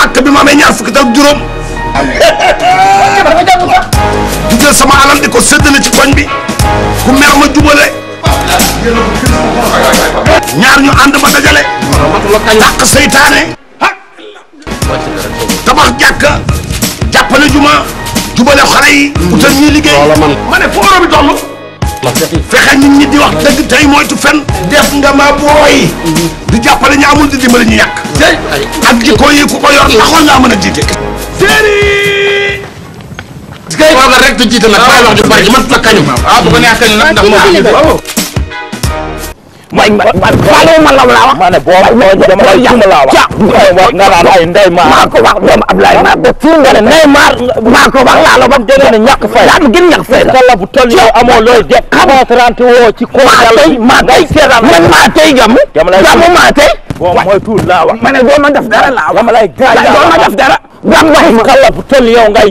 màkk bi ma amee ñaar fukki ak juróom. di jël sama alal di ko séddale ci koñ bi ku mer ma jubale. ñaar ñu ànd ma dajale. dàq seytaane. tabax jàkka jàppale juma jubale xale yi. utal ñuy liggéey ma ne foo bi toll. fexe nit ñi di wax dëgg tey moytu fen def nga ma booy. di jàppale ñi amul di dimbali ñu yàq. ak jikko yi ku ko taxoon naa mën a jiite. Serigne. toogal rek di jiite nag bàyyi man la kañu. ah ko neex ne boo dama lay jumb laa nga naan ay Neymar. maa maa ko fii laa la ba mu déggee ne ñàkk la mu gën ñàkk fay la. kala bu toll yow amoo looy def. xam nga woo ci. maa tey maa tey seetaan man maa tey gam. jamono maa tey. boo moytuwul laa wax ma ne doo ma def dara laa wax dama lay gaañ doo ma def dara. gàmm ma kàlla bu toll yow ngay.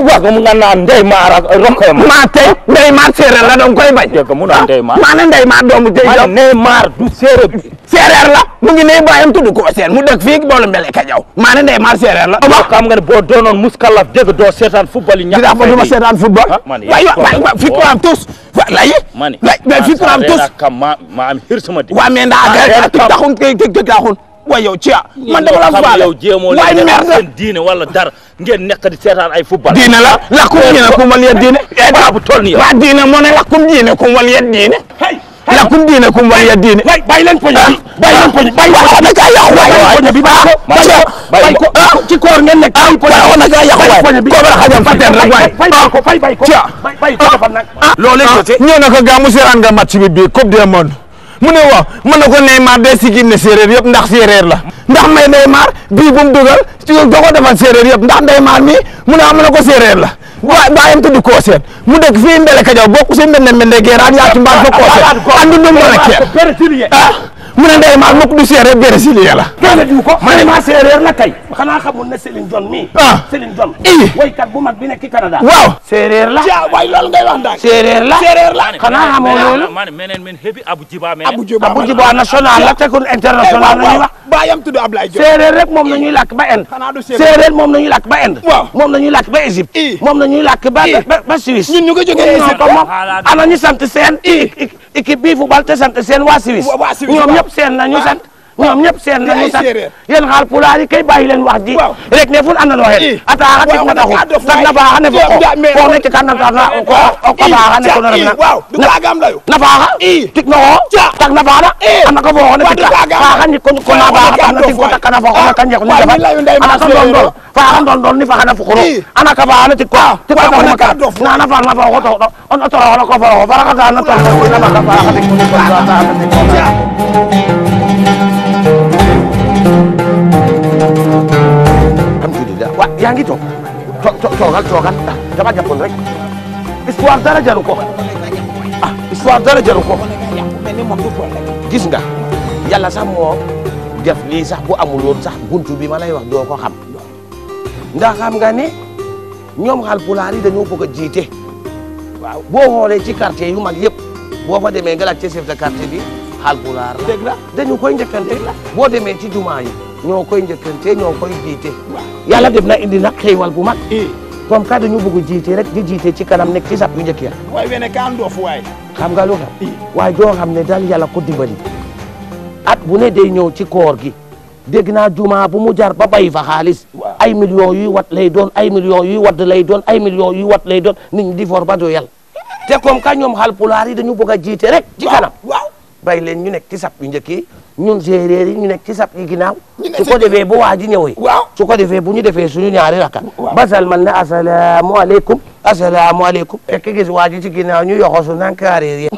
waaw mun nga naan ndey a ak rokkam maa tey ndey maar séeréer la dong koy bañ dégg mun naa ndey maar ah, maa ne ndey maar doomu tey jox ne maar du séeréer séeréer la mu ngi ne bàyyam tudd ko seen mu dëkk fii boolu mbele ka jaw maa ne ndey la ba xam nga ne boo doonoon muskalaf dégg doo seetaan football yi ñàkk fa duma seetaan football ah, waay waay fikuraam tous lay lay fikuraam taxun waaye yow ci man dama la faale waaye merde seen diine wala dara ngeen nekk di seetaan ay football la lakum diine kum wal yad diine ba bu toll nii waa diine moo ne lakum diine kum wal yad diine lakum diine kum wal yad diine bàyyi leen poñ bi bàyyi leen poñ ko naka yàqu waay poñ bi bàyyi ko bàyyi ko ci koor ngeen nekk bàyyi ko ba xajam fateen rek ko fay bàyyi ko bàyyi ko defal nag loolee côté ñëw na ko gaa mu seeraan nga match bi bi mu ne waaw mën na ko Neymar day sigim ne séeréer yëpp ndax séeréer la ndax may Neymar bii bu mu dugal ci da ko defal séeréer yëpp ndax Neymar mi mu ne ah mën na ko séeréer la waaw bàyyam tudd Kooseen mu dëkk fii Mbele Kajaw bokk si Mbende Mbende Geraat yaa ci mbaar fa Kooseen andu dum rek ah mu ne ndey maa mukk du séeréer brésilien la. doole jiw ko man maa séeréer la tey xanaa xamul ne Céline Dion mii. ah Céline Dion. ii woykat bu bi nekk ci Canada. la. ja la séeréer la. xanaa xamoo loolu. man meneen men hebi Abu Jiba meneen. Abu Jiba Abu Jiba national la tekun international eh, la ñuy wax. baayam tudd Ablaye ba Inde. xanaa du séeréer séeréer moom la ñuy làkk ba Inde. waaw moom la ñuy làkk ba Égypte. ii moom la ñuy ba ba ana ñu sant seen. ii équipe bii bal te sant seen waa Suisse. waa Suisse ñoom ñëpp seen na ñu ñoom ñëpp seen la ñu sax yéen xaal pulaar yi kay bàyyi leen wax ji rek ne ful andoona yee ataaxa tig na taxu tak na faaxa ne fo ko ko ne ci kanam ta na ko ko faaxa ne ko na na faaxa tig na ko tak na faaxa ana ko fo ne tig faaxa ni ko ko na faaxa ana tig ko tak na fo ko na kan yeku ni dafa ana ko don don faaxa don don ni faaxa na fukuro ana ka faaxa ne tig ko tig ko na ka na na faaxa na fo ko to on to ko fo ko faaxa na to na ka faaxa tig ko wa yaa ngi toog toogal toogal ah, dama jàppoon rek histoire dara jaru ko ah histoire dara jaru ko gis nga yàlla sax moo def lii sax bu amul woon sax buntu bi ma lay wax doo ko xam ndax xam nga ne ñoom Haalpulaar yi dañoo bëgg a jiite boo xoolee ci quartier yu mag yëpp boo fa demee nga laaj ci chef de quartier bi xalpulaar la dëgg da dañu koy njëkkante boo demee ci jumaa yi ñoo koy te ñoo koy jiite yala def na indi nag xéewal bu mag eh. comme ka dañu bëgg jiite rek di jiite ci kanam nekk ci sab yu njëkk ya waay wene ka ndoof waay xam nga lu xew eh. waaye joo xam ne daal yàlla ko dimbali at bu ne day ñëw ci koor gi dégg naa jumaa bu mu jar ba bay fa xaalis ay millions yuy wat lay doon ay million yuy wadd lay doon ay millions yuy wat lay doon nit di for ba doyal te comme ka ñoom xalpulaar yi dañu bëgg a jiite rek ci kanam bay leen ñu nekk ci sap yu njëkk yi ñun séeréer yi ñu nekk ci sap yi ginnaaw su ko defee bu waa ji ñëwee waaw su ko defee bu ñu defee suñu ñaari rakka ba man na asalaamu aleykum asalaamu aleykum fekk gis waa ji ci ginnaaw ñu yoxosu nan kaareer yi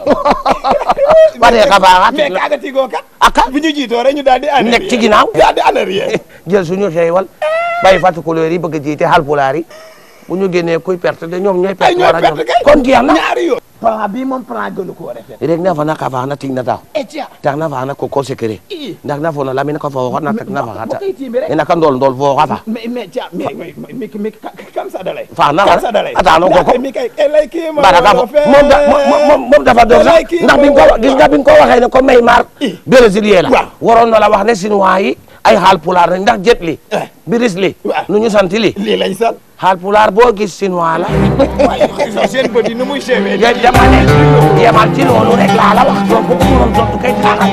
waree ka baaxaat mais kaaga tigoo kat aka bu ñu jiitoo rek ñu daal di an nekk ci ginnaaw daal di anarier jël suñu xeewal bàyyi fàtt couleur yi bëgg jiite halpulaar yi bu ñu génnee kuy perte de ñoom ñooy a ñoom kon jeex na plan bii moom plan gënu koo rafet rek nafa na ka fa na ting na taw tak na fa na ko ko sekere ndax na fo na lamine ko fo na tak na fa hata ina kan dol dol fo hata me me ja fa na ata no ko ko mi kay elay ki da moom dafa door sax ndax biñ ko gis nga ko waxee ne ko Neymar brésilien la waroon na ne chinois yi ay xaal pulaar nañ ndax jet li eh. biris li nu ñu sant li Haalpulaar boo gis chinois la. waaye seen bët yi ni muy séwee. dama ne yemal ci loolu rek laa la wax. donc bu ko mënoon tontu kay taxaw.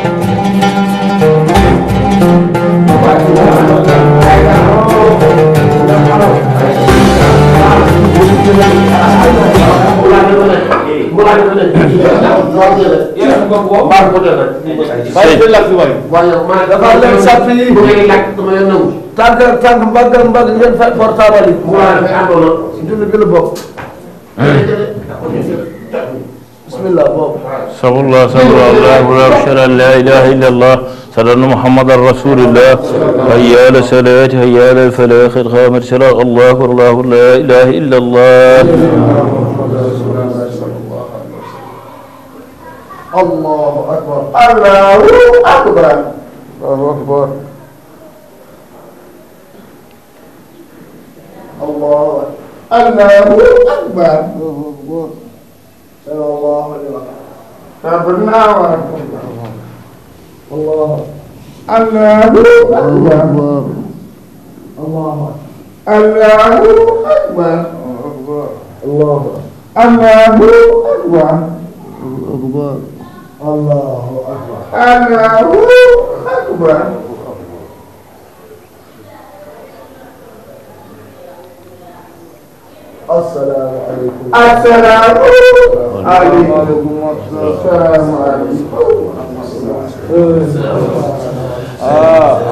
waaw. tànk ak tànk mbagg ak mbagg ngeen fay portable yi. waaw dafay àndoon si dund bi la bokk. bismillah boobu. sabullah sabullah allahu la shara la ilaha illa allah salanna muhammadan rasulillah hayya ala salaati hayya ala falah qad qaamat salaat allahu allahu la ilaha illa allah allahu akbar allahu akbar allahu akbar الله الله أكبر صلى الله عليه وسلم ربنا ورحمة الله الله أكبر الله الله أكبر الله الله أكبر الله أكبر الله أكبر asalaamaaleykum. asalaamaaleykum. asalaamaaleykum.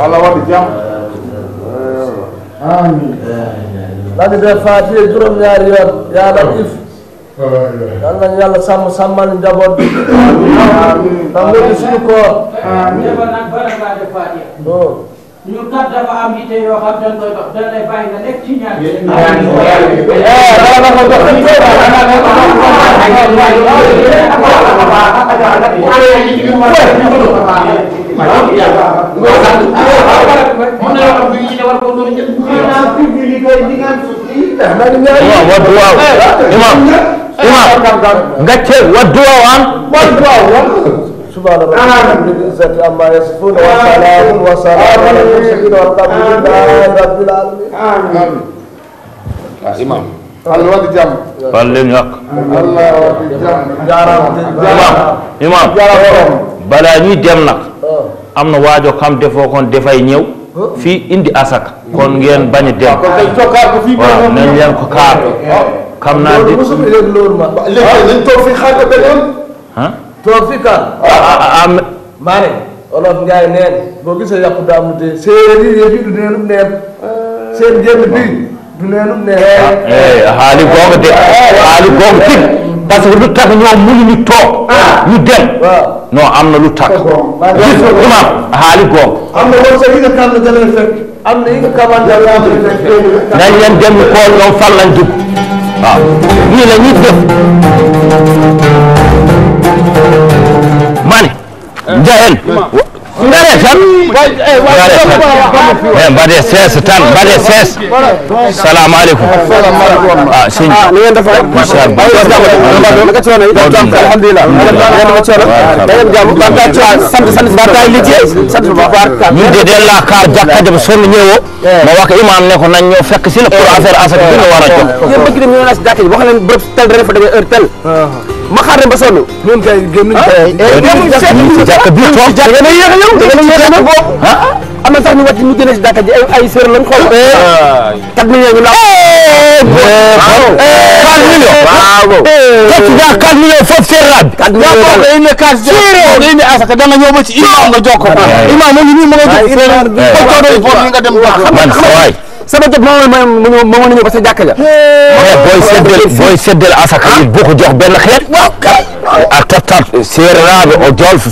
ala waati jàmm. amiin. lan di def Faatiha juróom-ñaari yoon yaa Latiif. yal nañu yàlla sàmm sàmmal njaboot bi. amiin. ndax suñu koor. amiin. ñu kat dafa am yitte yoo xam dañ koy dox dañ lay bàyyi nga nekk ci ñaar yi. waaw waaw waaw سبحان ربك رب العزة عما يصفون وسلام وسلام على المرسلين والحمد لله رب العالمين آمين إمام الواد جم قلم يق الله جم imam balaa ñuy dem nag oh. am na waajo xam defoo kon dafay ñëw oh. fii indi asaka kon ngeen bañ a dem ah, waaw nañ leen ko kaar ah. xam naa di léegi ah. nañ toog fii xaar ko benn yoon toog fi kan ah maa ne olof Njaay neen boo gisee yàqu daa mu dee séeréer yi du neenum neen seen génn bi du neenum neen haali eh, eh, goonga de haali ah, goonga tig parce lu tax ñoom mënuñu ah. ñu dem non am na lu tax gis am na won sa yi nga kam na daleen fekk am dem ñu xool ñoom fan lañ dugg waaw nii la ñuy jahen gaare eh, tan gaare tan e mbaɗe sese tan mbaɗe sese salamu aleykum a sin minde della kar jakkade mo somi ñewo mo waka imam ne ko nanño fekk sila pour affaire asaka ɗum no wara jom ma xaar leen ba sonn. ñun kay génn nañu kay. ci jàkka bi toog da ngeen a yéex a yow da ngeen a yéex a boobu. am na sax ñu wàcc ñu génne si jàkka ji ay ay séeréer lañ xool. kat mi ñëw ñu naan. quatre millions. waaw quatre millions quatre millions foofu séeréer la. quatre millions waaw day ne quatre séeréer day ne asaka da nga ñëw ba ci imam nga jokk ko. imam ma ngi nii ma nga jokk. waaw waaw waaw waaw waaw waaw waaw waaw waaw waaw waaw waaw waaw waaw waaw sama jot moom mooy mooy moomoon nañu ba sa jàkka ja. booy seddel booy seddel asaka yi bu ko jox benn xeet. waaw kay. a tottat seereraaɓe o jolfo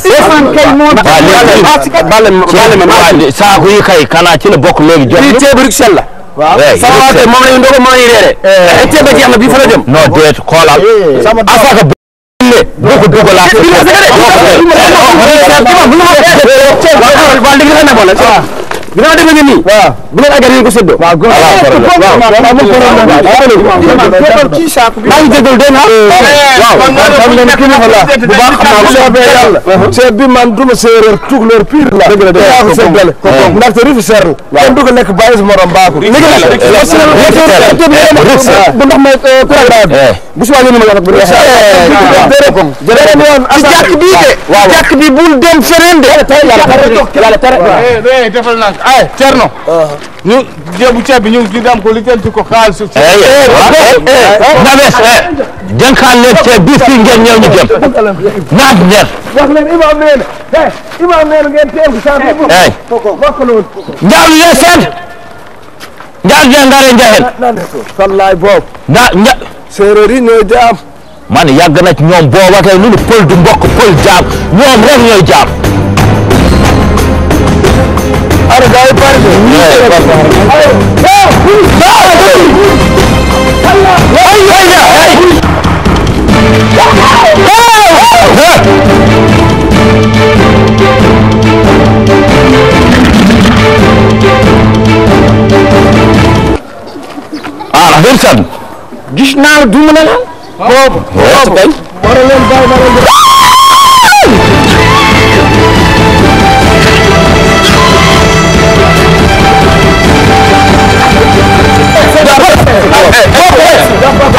saako yi kay kana cina bokko meegi joɗi teɓrik sella sawate mamani dogo mamani reere e teɓa jeehna bi fota dem no deet koolal asaka le boko dugolaa ginnaaw demee nii. waaw bu leen agaree ko séddoo. waaw góor waaw góor la waaw waaw waaw moom góor la waaw waaw waaw maa ngi jégalu dégg naa. Eh, waaw xam ngeen kii bi voilà bu baax xam naa bu soobee yàlla. ceeb bi man duma séeréer tukulóor pire la. dëgg la dëgg la ko séddale. Eh. ndaxte rifi seer la. kon du ko lekk bàyyi sa morom baaxul. léegi nag aussi bu ndox may kuréel eh, bu subaa yéen a ma wax ak bu dee. jërëjëf woon ci jàkk bii de. waaw jàkk bi bul dem feneen de. yàlla tere yàlla tere ay Thierno. Uh-huh. ñu jébu ceeb bi ñu ñu ko liggéeyantu ko xaalis. Eh, eh, eh, Naves dénkaan leen ceeb bi fii ngeen ñëw ñu jëm. naat ñeent. wax leen imaam nee na imaam nee na ngeen teel ko saa bu. njaalu leen seen. njaal leen ngaree njaxeen. wallaay man yàgg na ci ñoom booba tey lu ñu pël du mbokk pël jaam ñoom rek ñooy jaam. अरे गाय पर ah Abdoul Sane gis naa la du ma ne la. boobu boobu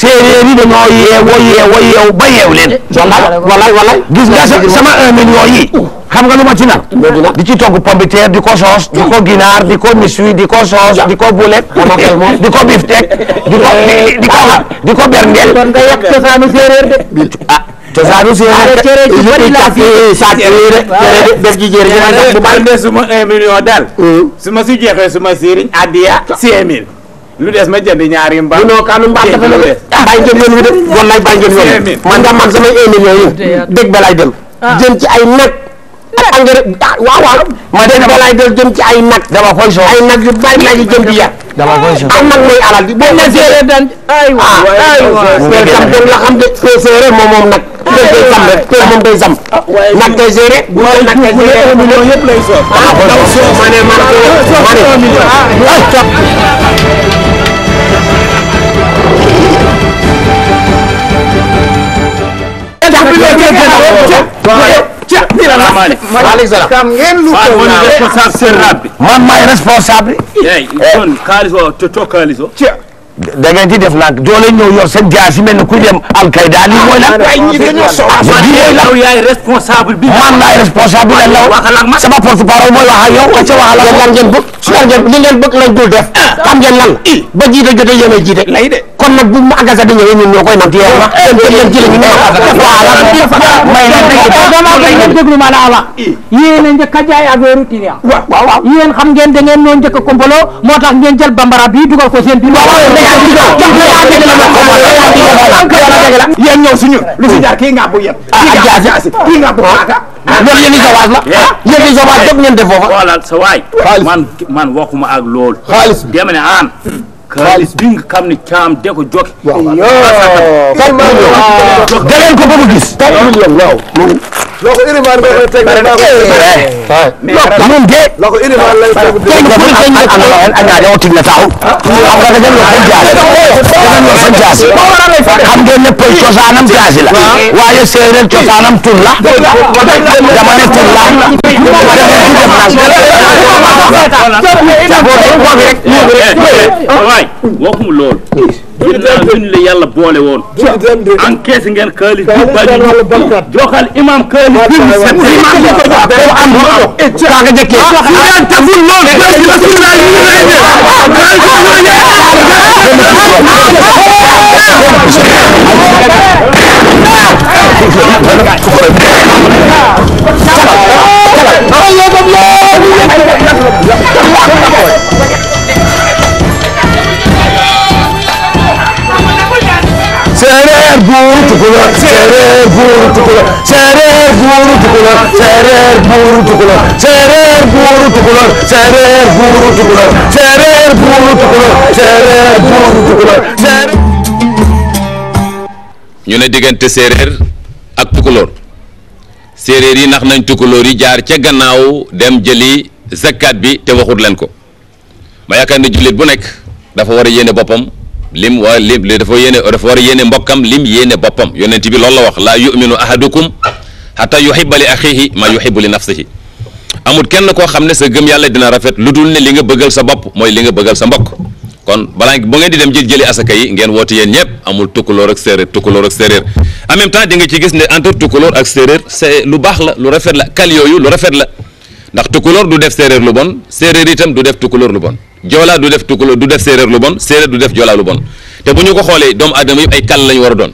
séeréer yi dañoo yeewoo yeewoo yeew ba yeew leen. wallaay wallaay wallaay gis nga sama un million yi. xam nga lu ma ci nar. di ci togg pombiteer di ko soos. di ko ginaar di ko miswi di ko soos. di ko bulet di ko biftek di ko di ko di ko berndeel. kon nga séeréer de. Ah, séeréer de yéen a ngi bu ma amee hmm. su ma si jeexee suma sëriñ lu des ma jënd ñaari mbaam. non kaanu mbaam dafa la des. bàyyi jën yoon wi de wallaay bàyyi jën yoon man daa man samay un million yi dégg ba del jëm ah. ci ay nag ak engrais ah, waaw waaw ma dégg del jëm ci ay nag dama koy so ay nag yu bari laa ngi jëm di yar dama koy so am nag mooy alal bi boo ma séeré daan ay la xam de père séeré moom nag ah, père day zam rek père moom day zam nag day géré bu million yëpp lay so kam ngeen lu ko woni responsable serraɓe man may responsable eyyi ɗon kalis o toto kalis o da ngeen di def nag doole ñëw yor seen jaasi mel ni ku dem alkayda li mooy la yow yaay responsable bi man laay responsable la law sama porte parole mooy wax ak yow wacce wax la lan ngeen bëgg su ngeen li ngeen bëgg lañ dul def ah. xam ngeen lan ba jiite jotee yéen a jiite lay de kon nag bu magasin bi ñëwee ñun ñoo koy nanti yow wax dem dem jëlee ñu dafa may déglu ma la wax yéen a njëkk a jaay affaire tiliya waaw waaw yéen xam ngeen da ngeen ñoo njëkk a kompolo moo tax ngeen jël bambara bi dugal ko seen biir yéen ñëw suñu lu fi jaar kii nga bu yeb kii nga bu paaka loolu yéen i sawaas la yéen i sawaas def ngeen def foofa xoolal sa waay man man waxuma ak loolu xaalis dama ne aan xaalis bi nga xam ne caam de ko joxe. waaw waaw waaw. calme ko ba mu gis. calme waaw. loo ko irimaar nga koy teg nga a. na ay naa na taxaw. xam nga dañu yor fan jaasi. dañu yor fan jaasi. xam ngeen ne pël cosaanam jaasi la. waaye séeréer cosaanam tur la. junni la yàlla boole woon encaisse ngeen xaalis bi bari joxal imam xaalis bi mu set imam bi ko jox dafa am loolu kaaga jëkkee su leen taful loolu rasulullah tukulóor buuru tukulóor séeréer buuru tukulóor séeréer buuru tukulóor séeréer ñu ne diggante séeréer ak tukulóor séeréer yi nax nañ tukulóor yi jaar ca gannaaw dem jëli zakkaat bi te waxut leen ko ma yaakaar ne jullit bu nekk dafa war a yéene boppam lim wa lim dafa dafa war a yéene mbokkam lim yéene boppam yonent bi lool la wax laa yu'minu ahadukum xataa yuhibba li axiihi ma yuhibbu li nafsihi amul kenn koo xam ne sa gëm yàlla dina rafet lu dul ne li nga bëggal sa bopp mooy li nga bëggal sa mbokk kon balaa bu ngeen di dem jël jëli asaka yi ngeen woote yéen ñëpp amul tukulóor ak séeréer tukulóor ak séeréer en même temps di nga ci gis ne entre tukulóor ak séeréer c'est lu baax la lu rafet la kal yooyu lu rafet la ndax tukulóor du def séeréer lu bon séeréer itam du def tukulóor lu bon joolaa du def tukulóor du def séeréer lu bon séeréer du def joolaa lu bon te bu ñu ko xoolee doomu aadama yëpp ay kal lañu war a doon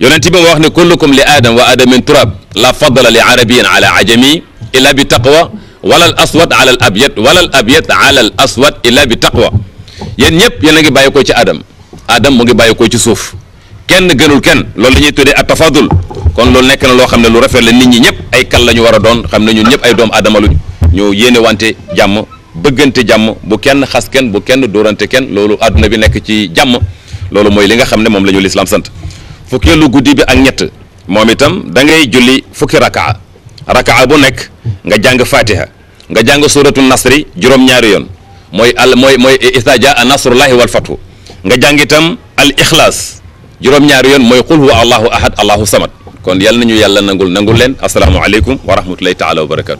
yonent bi moo wax ne kullukum li aadam wa aadamin turab la fadla li arabiyin ala ajami illa bi taqwa wala al aswad ala al abyad wala al abyad ala al aswad illa bi taqwa yéen ñëpp yéen a ngi bàyyi ci aadam aadam mu ngi bàyyi ko ci suuf kenn gënul kenn loolu la ñuy tuddee at tafadul kon loolu nekk na loo xam ne lu rafet la nit ñi ñëpp ay kal lañu ñu doon xam ne ñun ñëpp ay doom aadama luñ ñu yéene wante jàmm bëggante jàmm bu kenn xas kenn bu kenn dóorante kenn loolu àdduna bi nekk ci jàmm loolu mooy li xam ne moom la ñu lislaam sant fukkeelu guddi bi ak ñett moom itam da ngay julli fukki rakaa rakaa bu nekk nga jàng fatiha nga jàng suratu nasri juróom-ñaari yoon mooy al mooy mooy izaa jaa nasrullahi wal fathu nga jàng itam al ixlaas juróom-ñaari yoon mooy qul huwa allahu ahad allahu samad kon yal ñu yàlla nangul nangul leen asalaamu aleykum wa rahmatullahi taala wa barakatu